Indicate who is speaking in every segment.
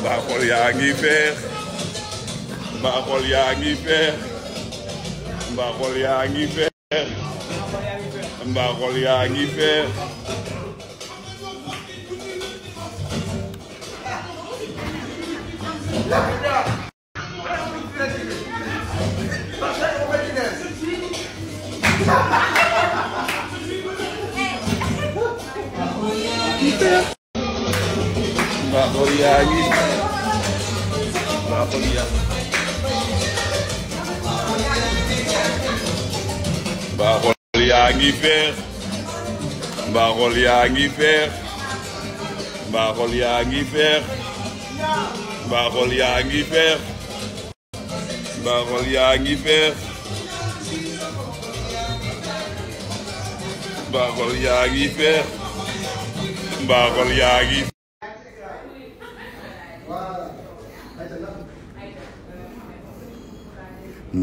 Speaker 1: Mba koli a60 Mba koli a60 Mba koli a60 Mba koli a60 Mbakoriyaangi Mbakoriya Mbaxol yaa ngi feex Mbaxol yaa ngi feex Mbaxol yaa ngi feex Mbaxol yaa ngi feex Mbaxol yaa ngi feex Mbaxol yaa ngi feex Mbaxol yaa ngi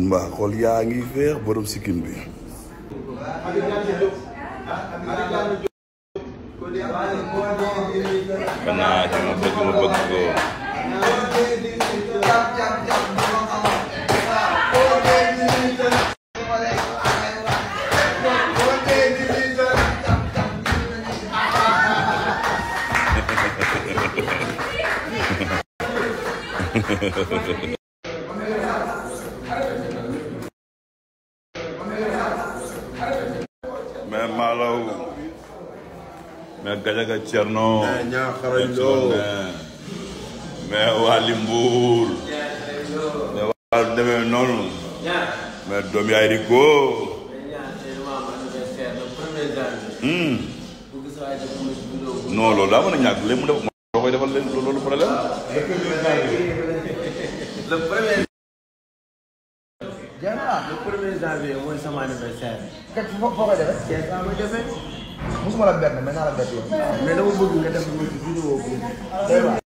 Speaker 1: mbah xool yaa ngi feex borom sikkim bi ma bëgg ma bëgg ko mais Malaw. mais Gajaga Cerno. mais Ñaaxarañ Lo mais waa Limbour. mais waa demee noonu. mais doom yaay di hmm. góor. non loolu daa mën a ñàkk léegi mu def leen loolu problème. le premier. jërëjëf le premier janvier mooy sama anniversaire. fekk foo ko defee. Thiès laa koy defee. mosuma la bett mais naa la bett yow. mais dama bëgg nga def lu vidéo bi. day baax.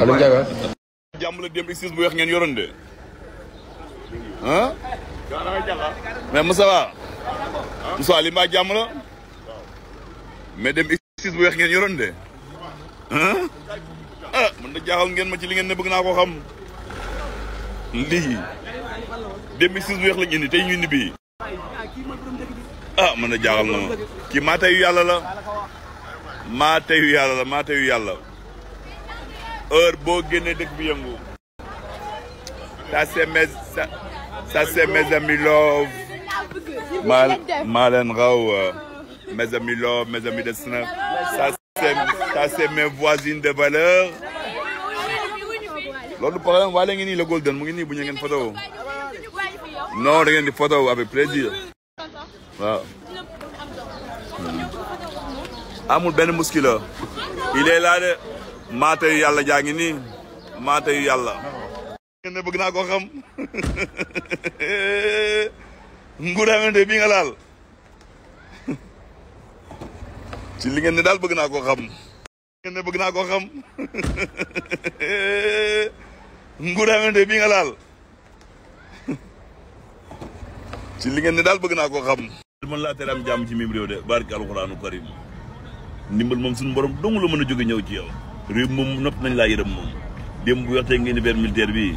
Speaker 1: Aliou Ndiaga. jàmm la démb X6 bu weex ngeen yoroon de. ah. mais Moussa Moussa li mbaa jàmm la mais dem exercice bu weex ngeen yoroon de ah man da jaaxal ngeen ma ci li ne bëgg naa ko xam lii dem exercice bu weex la ngeen di tey ñu ni bii ah, da jaaxal na ma kii maa teyu yàlla la maa teyu yàlla heure boo génnee dëkk bi yëngu ça c'est mes ça c'est mes Malen gwa ou, euh, me zemi lor, me zemi desnef, sa se men vwazin de valeur. Lò lè nwen yon yon yon yon, mwen yon yon yon foto ou. Non, yon yon yon foto ou, apè plezi. Amou bène mouski lò. Ile lade, mate yon yon yon yon yon. Mate yon yon yon. Mwen yon yon yon yon. nguramante bi nga laal ci li ngeen ne daal bëgg naa koo xam ngeen ne bëgg naa koo xam nguramante bi nga laal ci li ngeen ne daal bëgg naa koo xam man la tere am ci mim rew de barke alquranu karim nimbal mom suñu borom dong lu mën a ñew ci yow rew mom nop nañ la yërëm mom dem bu waxtee ngeen ni militaire bi